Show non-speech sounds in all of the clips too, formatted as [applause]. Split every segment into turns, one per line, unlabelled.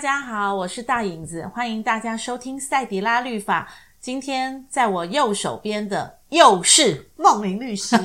大家好，我是大影子，歡迎大家收聽賽底拉律法。今天在我右手邊的又是夢林律師，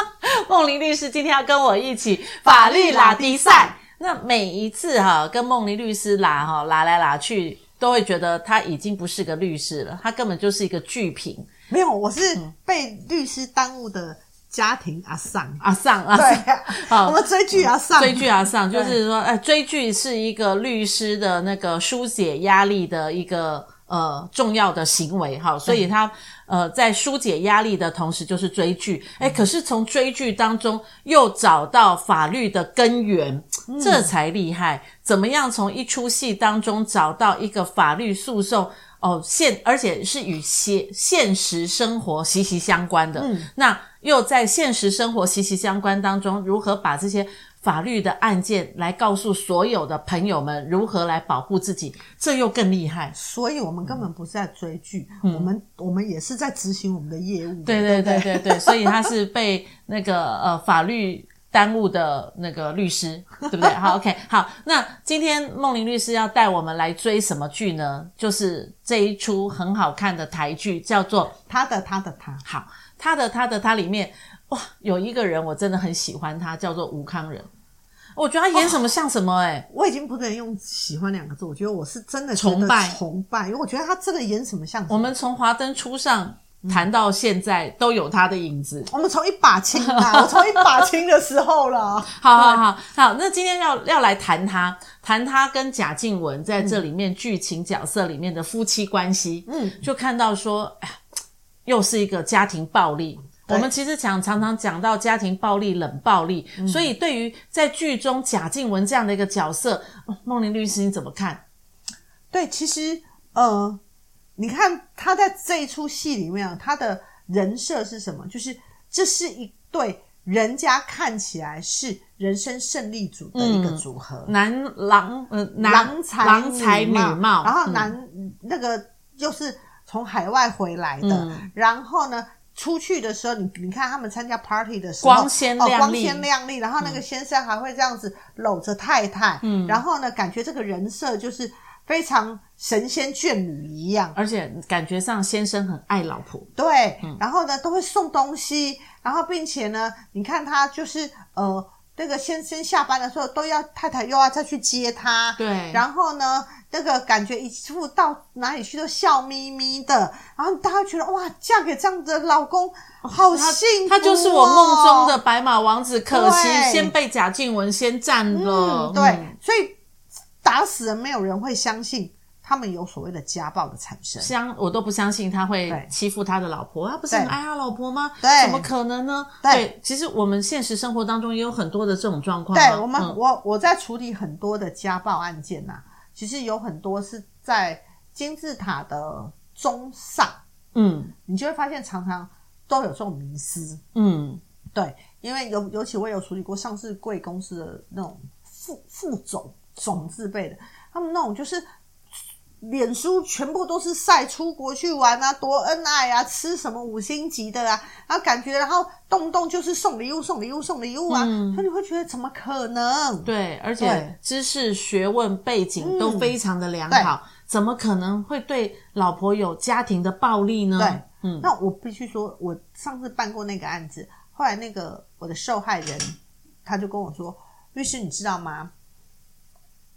[laughs] 夢林律師今天要跟我一起法律拉迪賽。迪賽，那每一次哈、啊、跟夢林律師拉哈拉來拉去，都會覺得他已經不是個律師了，他根本就是一個巨評。
沒有，我是被律師耽誤的。嗯家庭阿桑阿桑阿桑啊，對
啊，好我們追劇阿桑追劇阿桑，就是說對誒，追劇是一個律師的那個疏解壓力的一個呃重要的行為哈，所以他對呃在疏解壓力的同時就是追劇，嗯、誒可是從追劇當中又找到法律的根源，嗯、這才厲害，怎麼樣從一齣戲當中找到一個法律訴訟？哦，現而且是與現現實生活息息相關的，嗯、那又在現實生活息息相關當中，如何把這些法律的案件來告訴所有的朋友們如何來保護自己，
這又更厲害。所以我們根本不是在追劇，嗯、我們我們也是在執行我們的業務、欸。對對對對對， [laughs] 所以他是
被那個呃法律。耽誤的那個律師，對不對？好，OK，好。那今天孟玲律師要帶我們來追什麼劇呢？就是這一出很好看的台劇，叫做《他的他的他》。好，《他的他的他》裡面哇，有一個人我真的很喜歡他，他叫做吳慷仁。
我覺得他演什麼像什麼、欸，哎、哦，我已經不能用喜歡兩個字，我覺得我是真的崇拜崇拜，因為拜我覺得他這個演什麼像什麼。我們從華燈初上。談
到現在都有他的影子。我們從一把青啊， [laughs] 我從一把青
的時候了。
[laughs] 好好好對好，那今天要要來談他，談他跟賈靜雯在這裡面劇、嗯、情角色裡面的夫妻關係。嗯，就看到說，哎呀，又是一個家庭暴力。對我們其實想常常講到家庭暴力、冷暴力，嗯、所以對於在劇中賈靜雯這樣的一個角色，孟、哦、林律師你怎麼看？
對，其實，嗯、呃。你看他在這一出戲裡面，他的人設是什麼？就是這是一對人家看起來是人生勝利組的一個組合，嗯、男郎、嗯、男郎才美貌郎才女貌，然後男、嗯、那個就是從海外回來的，嗯、然後呢出去的時候，你你看他們參加 party 的時候，光鮮亮麗、哦，光鮮亮麗，嗯、然後那個先生還會這樣子摟着太太，嗯，然後呢感覺這個人設就是。非常神仙眷侶一樣，而且感覺上先生很愛老婆。對，嗯、然後呢都會送東西，然後並且呢，你看他就是呃，那個先生下班的時候都要太太又要再去接他。對，然後呢，那個感覺一副到哪裡去都笑眯眯的，然後大家覺得哇，嫁給這樣的老公，哦，好幸福，哦他。他就是我夢中的
白馬王子，哦，可惜對先被賈靜雯先佔了，嗯。對，嗯、所以。打死人，沒有人會相信他們有所謂的家暴的產生相，相我都不相信他會欺負他的老婆，對他不是很愛他
老婆嗎？對，怎麼可能呢？對，對對其實我們現實生活當中也有很多的這種狀況。對我們，嗯、我我在處理很多的家暴案件吶、啊，其實有很多是在金字塔的中上，嗯，你就會發現常常都有這種迷思，
嗯，
對，因為尤尤其我有處理過上市櫃公司的那種副副總。總自備的，他們那種就是臉書全部都是曬出國去玩啊，多恩愛啊，吃什麼五星級的啊，然後感覺然後動不動就是送禮物、送禮物、送禮物啊，他、嗯、所以你會覺得怎麼可能？
對，而且對知識、學問、背景都非常的良
好，嗯、怎麼可能會對老婆有家庭的暴力呢？對，嗯，那我必須說，我上次辦過那個案子，後來那個我的受害人他就跟我說：“律師，你知道嗎？”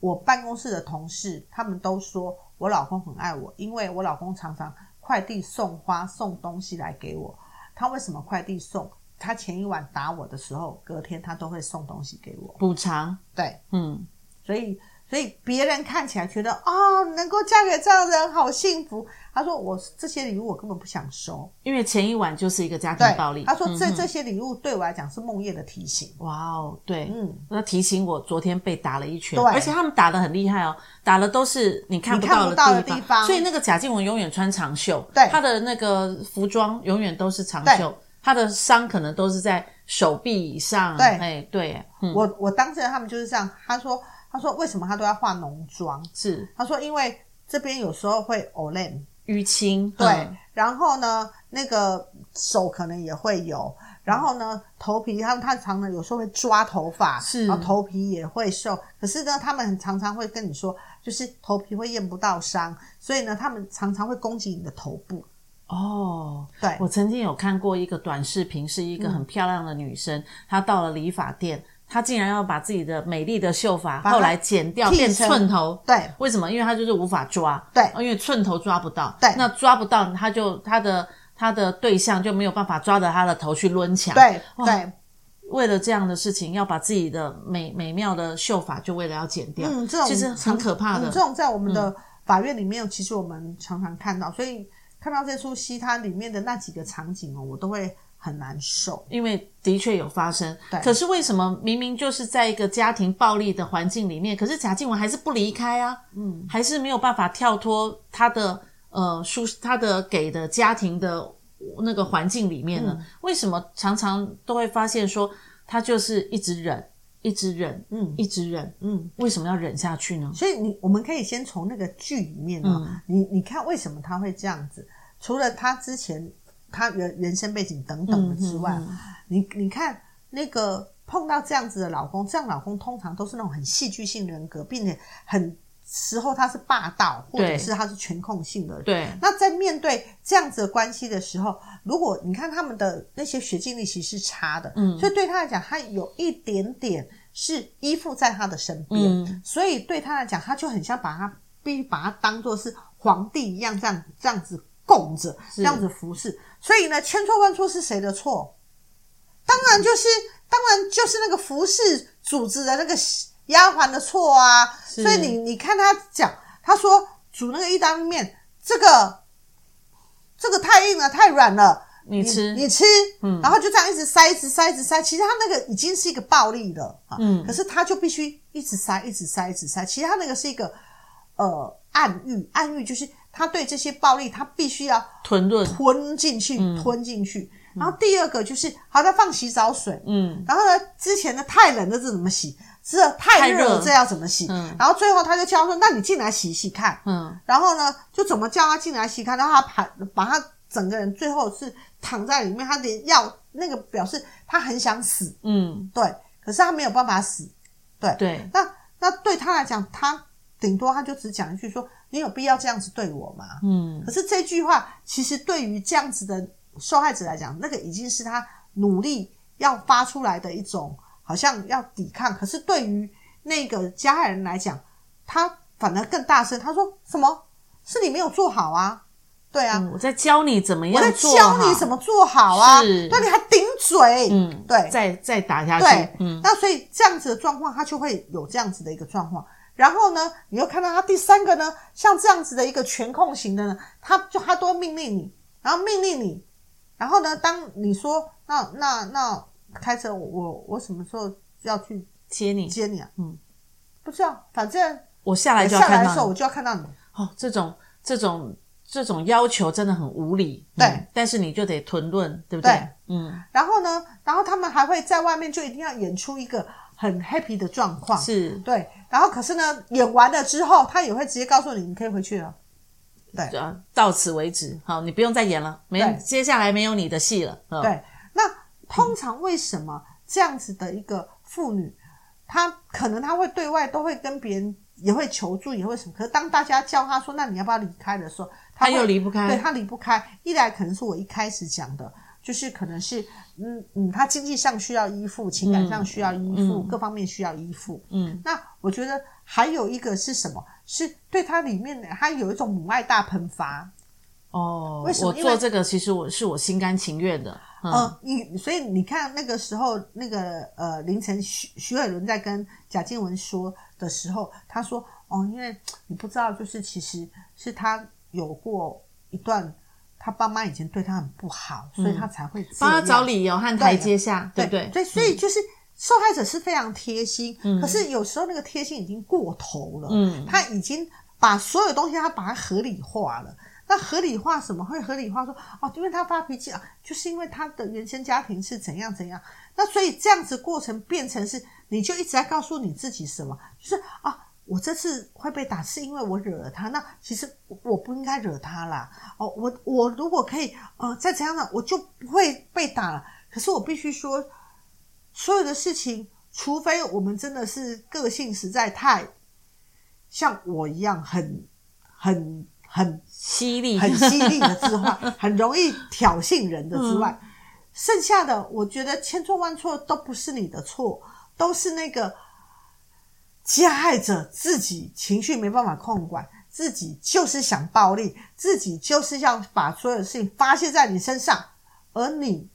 我辦公室的同事他們都說我老公很愛我，因為我老公常常快遞送花送東西來給我。他為什麼快遞送？他前一晚打我的時候，隔天他都會送東西給我補償。對，嗯，所以。所以別人看起來覺得啊、哦，能夠嫁給這樣的人好幸福。他說：“我這些禮物我根本不想收，
因為前一晚就是一個家庭暴力。”他說這：“這、嗯、哼這
些禮物對我來講是夢魘的提醒。”哇哦，
對，嗯，那提醒我昨天被打了一拳，對而且他們打的很厲害哦，打的都是你看不到的地方。所以那個賈靜雯永遠穿長袖，對，他的那個服裝永遠都是長袖，對他的傷可能都是在手臂以上對、哎。對，對、嗯，
我我當時他們就是這樣，他說。他說：“為什麼他都要化濃妝？”是他說：“因為這邊有時候會偶 l l 淤青，對，嗯、然後呢，那個手可能也會有，然後呢，嗯、頭皮他他常常有時候會抓頭髮，是然後頭皮也會受。可是呢，他們常常會跟你說，就是頭皮會驗不到傷，所以呢，他們常常會攻擊你的頭部。”哦，對，
我曾經有看過一個短視頻，是一個很漂亮的女生，嗯、她到了理髮店。他竟然要把自己的美麗的秀髮後來剪掉，變成寸頭。對，為什麼？因為他就是無法抓。對，因為寸頭抓不到。對，那抓不到，他就他的他的對象就沒有辦法抓着他的頭去撞牆。對，對。為了這樣的事情，要把自己的美美妙的秀髮就為了要剪掉。嗯，這種其實很可怕的。你這種
在我們的法院裡面，嗯、其實我們常常看到。所以看到這出戲，它裡面的那幾個場景哦，我都會。很難受，
因為的確有發生。對可是為什麼明明就是在一個家庭暴力的環境裡面，可是賈靜雯還是不離開啊？嗯，還是沒有辦法跳脫他的呃，舒他的給的家庭的那個環境裡面呢？嗯、為什麼常常都會發現說，他就是一直忍，
一直忍，嗯，一直忍，嗯，為什麼要忍下去呢？所以你我們可以先從那個劇裡面啊，嗯、你你看為什麼他會這樣子？除了他之前。他原生背景等等的之外，嗯、哼哼你你看那個碰到這樣子的老公，這樣老公通常都是那種很戲劇性人格，並且很時候他是霸道，對或者是他是全控性的人。對，那在面對這樣子的關係的時候，如果你看他們的那些學經歷其實是差的，嗯，所以對他來講，他有一點點是依附在他的身邊，嗯、所以對他來講，他就很像把他必須把他當做是皇帝一樣這樣這樣子供着，是這樣子服侍。所以呢，千錯萬錯是誰的錯？當然就是，當然就是那個服侍主子的那個丫鬟的錯啊。是所以你你看他講，他說煮那個意大利麵，這個這個太硬了，太軟了你吃你。你吃，你吃，嗯，然後就這樣一直塞，一直塞，一直塞。其實他那個已經是一個暴力了，哈，嗯。可是他就必須一直塞，一直塞，一直塞。其實他那個是一個呃暗喻，暗喻就是。他對這些暴力，他必須要吞吞進去，嗯、吞進去。然後第二個就是，好，他放洗澡水，嗯，然後呢，之前的太冷的這怎麼洗？之後太熱，這要怎麼洗？嗯、然後最後他就叫他說：“那你進來洗洗看。”嗯，然後呢，就怎麼叫他進來洗看？然後他把把他整個人最後是躺在裡面，他的藥那個表示他很想死，嗯，對。可是他沒有辦法死，對對。那那對他來講，他頂多他就只講一句說。你有必要這樣子對我嗎？嗯，可是這句話其實對於這樣子的受害者來講，那個已經是他努力要發出來的一種好像要抵抗。可是對於那個加害人來講，他反而更大聲，他說什麼？是你沒有做好啊？對啊，嗯、我在教
你怎麼樣，我在教你
怎麼做好啊，是那你還頂嘴？嗯，對，再再打下去，對嗯，那所以這樣子的狀況，他就會有這樣子的一個狀況。然後呢，你又看到他第三個呢，像這樣子的一個全控型的呢，他就他都命令你，然後命令你，然後呢，當你說那那那開車我，我我什麼時候要去接你？啊，接你啊？嗯，不是啊，反正我下來就要看到你。下來的時候我就要看到
你。哦，這種這種這種要求真的很無理。嗯、對。但是你就得
吞忍，對不對？對。嗯。然後呢，然後他們還會在外面就一定要演出一個很 happy 的狀況是，對，然後可是呢，演完了之後，他也會直接告訴你，你可以回去了。
對，到此為止，好，你不用再演了，對沒有。
接下來沒有你的戲了。對，那通常為什麼這樣子的一個婦女，嗯、她可能她會對外都會跟別人也會求助，也會什麼？可是當大家叫她說，那你要不要離開的時候，她,她又離不開，對，她離不開。一來可能是我一開始講的。就是可能是，嗯嗯，他經濟上需要依附，情感上需要依附，嗯嗯、各方面需要依附。嗯，那我覺得還有一個是什麼？是對他裡面呢，他有一種母愛大噴發。哦，為什麼我做這個？其實是我是我心
甘情願的。嗯、呃、你
所以你看那個時候，那個呃凌晨徐徐偉倫在跟賈靜雯說的時候，他說：“哦，因為你不知道，就是其實是他有過一段。”他爸媽以前對他很不好，所以他才會幫、嗯、他找理由了和台階下。對對對，嗯、所以就是受害者是非常貼心，嗯、可是有時候那個貼心已經過頭了。嗯，他已經把所有東西他把它合理化了。嗯、那合理化什麼？會合理化說哦，因為他發脾氣啊，就是因為他的原生家庭是怎樣怎樣。那所以這樣子過程變成是，你就一直在告訴你自己什麼，就是啊。哦我這次會被打，是因為我惹了他。那其實我不應該惹他啦。哦，我我如果可以，呃，再怎樣呢，我就不會被打了。可是我必須說，所有的事情，除非我們真的是個性實在太像我一樣很，很很很犀
利、很犀利的之
外， [laughs] 很容易挑釁人的之外，嗯，剩下的我覺得千錯萬錯都不是你的錯，都是那個。加害者自己情緒沒辦法控管，自己就是想暴力，自己就是要把所有的事情發洩在你身上，而你，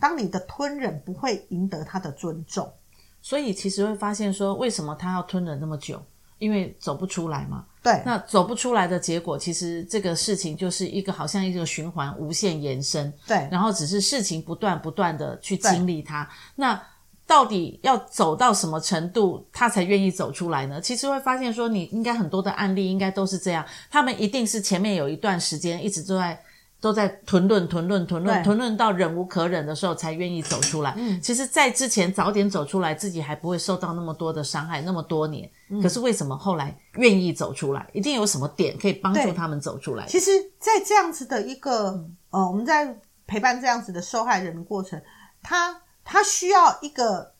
當你的吞忍不會贏得他的尊重，
所以其實會發現說，為什麼他要吞忍那麼久？因為走不出來嘛。對。那走不出來的結果，其實這個事情就是一個好像一個循環，無限延伸。對。然後只是事情不斷不斷的去經歷它，對那。到底要走到什麼程度，他才願意走出來呢？其實會發現說，你應該很多的案例應該都是這樣，他們一定是前面有一段時間一直都在都在吞忍、吞忍、吞忍、吞忍，到忍無可忍的時候才願意走出來。對其實，在之前早點走出來，自己還不會受到那麼多的傷害，那麼多年。嗯，可是為什麼後來願意走出來，一定有什麼點可以幫助他們走出來？其實，
在這樣子的一個呃、嗯哦，我們在陪伴這樣子的受害人的過程，他。他需要一個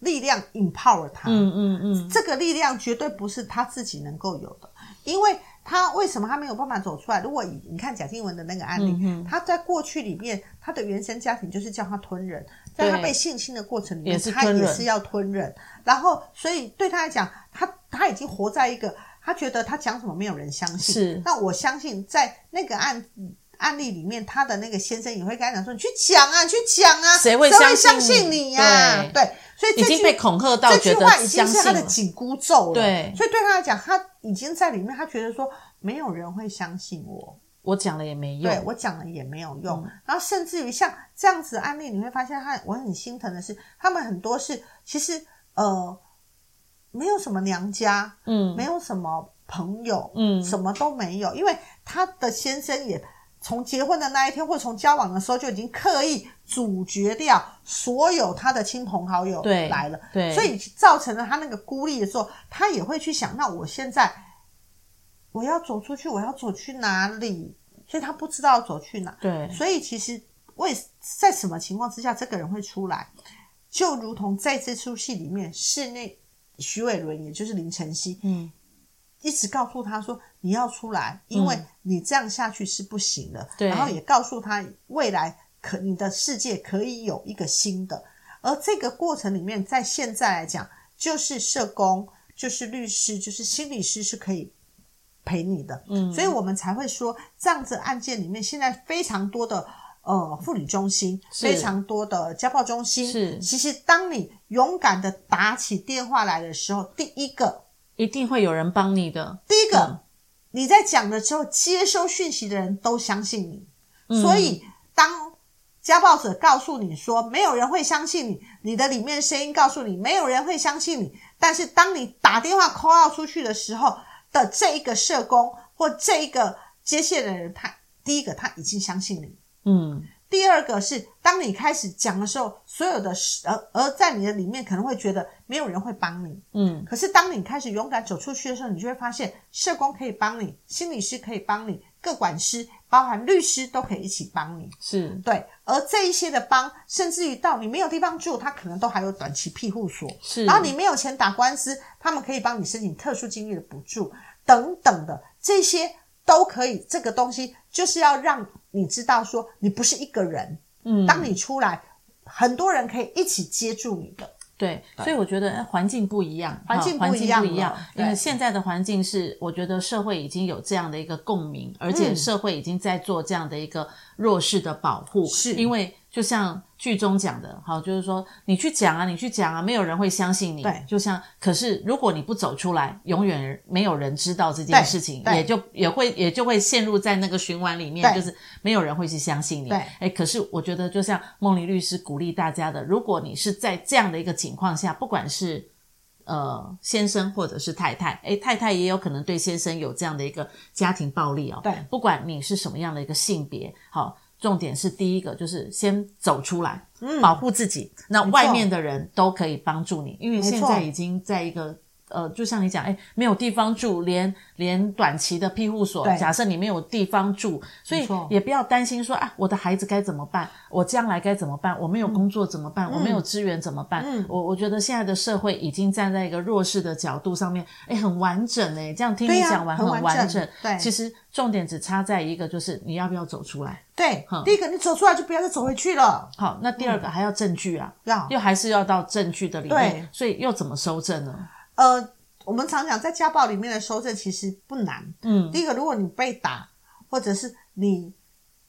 力量 empower 他。嗯嗯嗯，嗯嗯，這個力量絕對不是他自己能夠有的。因為他為什麼他沒有辦法走出來？如果你看賈靜雯的那個案例，嗯嗯、他在過去裡面，他的原生家庭就是叫他吞忍。在他被性侵的過程裡面，對他也是要吞忍，然後所以對他來講，他他已經活在一個他覺得他講什麼沒有人相信，是那我相信在那個案子。案例裡面，他的那個先生也會跟他講說：“你去講啊，你去講啊，誰會相信你呀、啊？”你啊、對，對，所以這句已經被恐嚇到，這句話已經是他的緊箍咒了。對，所以對他來講，他已經在裡面，他覺得說沒有人會相信我，
我講了也沒用，對，我
講了也沒有用。嗯、然後，甚至於像這樣子的案例，你會發現他，他我很心疼的是，他們很多是其實呃沒有什麼娘家，嗯，沒有什麼朋友，嗯，什麼都沒有，因為他的先生也。從結婚的那一天，或從交往的時候，就已經刻意阻絕掉所有他的親朋好友來了，對，對，所以造成了他那個孤立的時候，他也會去想：那我現在我要走出去，我要走去哪裡？所以他不知道要走去哪，對，所以其實為在什麼情況之下，這個人會出來，就如同在這出戲裡面，室內，徐偉倫，也就是林晨曦，嗯，一直告訴他說。你要出來，因為你這樣下去是不行的。嗯、對。然後也告訴他未來可你的世界可以有一個新的。而這個過程裡面，在現在來講，就是社工，就是律師，就是心理師是可以陪你的。嗯，所以我們才會說，這樣子案件裡面，現在非常多的呃婦女中心，是非常多的家暴中心。是，其實當你勇敢的打起電話來的時候，第一個一定會有人幫你的。第一個。你在講的時候，接收訊息的人都相信你，嗯。所以當家暴者告訴你說，沒有人會相信你，你的裡面聲音告訴你沒有人會相信你，但是當你打電話 call out 出去的時候的這一個社工或這一個接線的人，他第一個他已經相信你，嗯。第二個是，當你開始講的時候，所有的事，而而在你的裡面可能會覺得沒有人會幫你，嗯。可是當你開始勇敢走出去的時候，你就會發現，社工可以幫你，心理師可以幫你，個管師，包含律師都可以一起幫你，是對。而這一些的幫，甚至於到你沒有地方住，他可能都還有短期庇護所，是。然後你沒有錢打官司，他們可以幫你申請特殊經歷的補助等等的，這些都可以。這個東西就是要讓。你知道，說你不是一個人，嗯，當你出來，很多人可以一起接住你的。對，對，所以我
覺得環境不一樣，環境環境不一樣。對。因為現在的環境是，我覺得社會已經有這樣的一個共鳴，而且社會已經在做這樣的一個弱勢的保護，嗯。是。因為。就像劇中講的，好，就是說你去講啊，你去講啊，沒有人會相信你。對，就像，可是如果你不走出來，永遠沒有人知道這件事情，對也就對也會也就會陷入在那個循環裡面，對就是沒有人會去相信你。對，哎，可是我覺得，就像孟林律師鼓勵大家的，如果你是在這樣的一個情況下，不管是呃先生或者是太太，哎，太太也有可能對先生有這樣的一個家庭暴力哦。對，不管你是什麼樣的一個性別，好。重點是第一個，就是先走出來，嗯，保護自己。那外面的人都可以幫助你，沒錯。因為現在已經在一個。呃，就像你講，哎，沒有地方住，連連短期的庇護所。假設你沒有地方住，所以也不要擔心說啊，我的孩子該怎麼辦？我將來該怎麼辦？我沒有工作怎麼辦？我沒有資源怎麼辦？我我覺得現在的社會已經站在一個弱勢的角度上面，哎，很完整哎，這樣聽你講完很完整。對，其實重點只差在一個，就是你要不要走出來？
對，第一個你走出來就不要再走回去了。好，那第二個還要證據啊，又還是要到證據的裡面，所以又怎麼收證呢？呃，我們常講在家暴裡面的蒐證其實不難。嗯，第一個，如果你被打，或者是你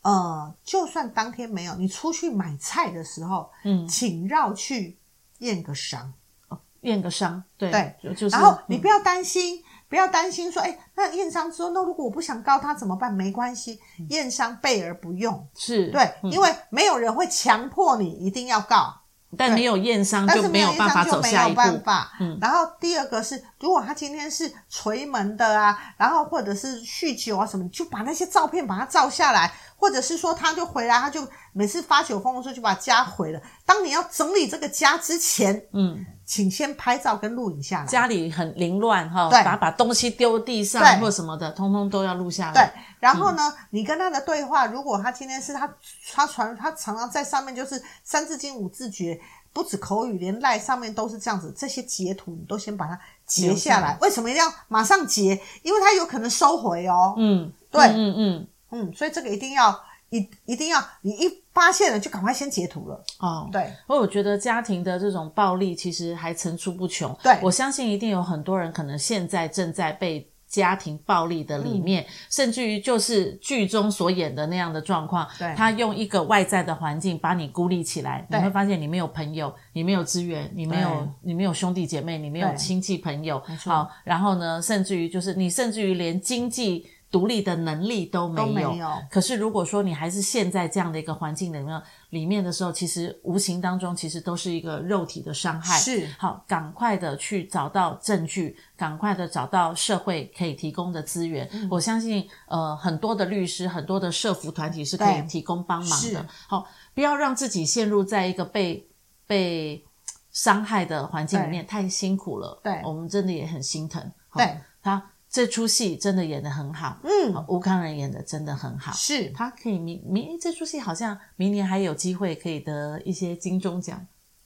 呃，就算當天沒有，你出去買菜的時候，嗯，請繞去驗個傷、哦，驗個傷，對對，就是、然後你不要擔心，嗯、不要擔心說，哎，那驗傷之後，那如果我不想告他怎麼辦？沒關係，嗯、驗傷備而不用是對，嗯、因為沒有人會強迫你一定要告。但沒有驗傷就沒有辦法走下一步。但是沒有驗傷就沒有辦法。然後第二個是，如果他今天是捶門的啊，然後或者是酗酒啊什麼，就把那些照片把它照下來，或者是說他就回來，他就每次發酒瘋的時候就把家毀了。當你要整理這個家之前，嗯。請先拍照跟錄影下來。家裡很凌亂哈，哦、對把把東西丟地上或什麼的，對通通都要錄下來。對，然後呢，嗯、你跟他的對話，如果他今天是他他傳他常常在上面就是三字經五字訣，不止口語，連賴上面都是這樣子，這些截圖你都先把它截下來。留下來為什麼一定要馬上截？因為他有可能收回哦。嗯，對，嗯嗯嗯，嗯，所以這個一定要。一一定要，你一發現了就趕快先截圖了啊！哦、對，所以我覺得家庭的這種暴力其實還
層出不窮。對，我相信一定有很多人可能現在正在被家庭暴力的裡面，嗯、甚至於就是劇中所演的那樣的狀況。對，他用一個外在的環境把你孤立起來，對你會發現你沒有朋友，你沒有資源，你沒有對你沒有兄弟姐妹，你沒有親戚朋友。沒錯。好，然後呢，甚至於就是你，甚至於連經濟。獨立的能力都沒有。都沒有。可是如果說你還是陷在這樣的一個環境裡面，裡面的時候，其實無形當中其實都是一個肉體的傷害。是。好，趕快的去找到證據，趕快的找到社會可以提供的資源。嗯。我相信，呃，很多的律師，很多的社服團體是可以提供幫忙的。是。好，不要讓自己陷入在一個被被傷害的環境裡面，對太辛苦了。對，我們真的也很心疼。好，對，好這出戲真的演得很好，嗯，吳康仁演的真的很好，是，他可以明明，這出戲好像明年還有機會可以得一些金鐘獎。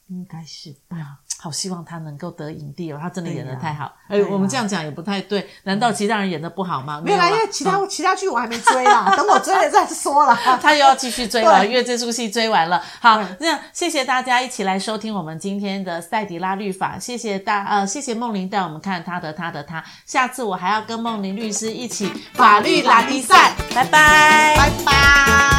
應該是，哎呀，好希望他能夠得影帝哦，他真的演得太好。哎，我們這樣講也不太對，難道其他人演得不好
嗎？沒有啦，因為其他其他劇我還沒追啦，等我追了再說了。他又要繼續追了，因為
這出戲追完了。好，那謝謝大家一起來收聽我們今天的《賽底拉律法》，謝謝大呃，謝謝夢玲帶我們看他的他的他。下次我還要跟夢玲律師一起法律拉力賽，拜拜，拜拜。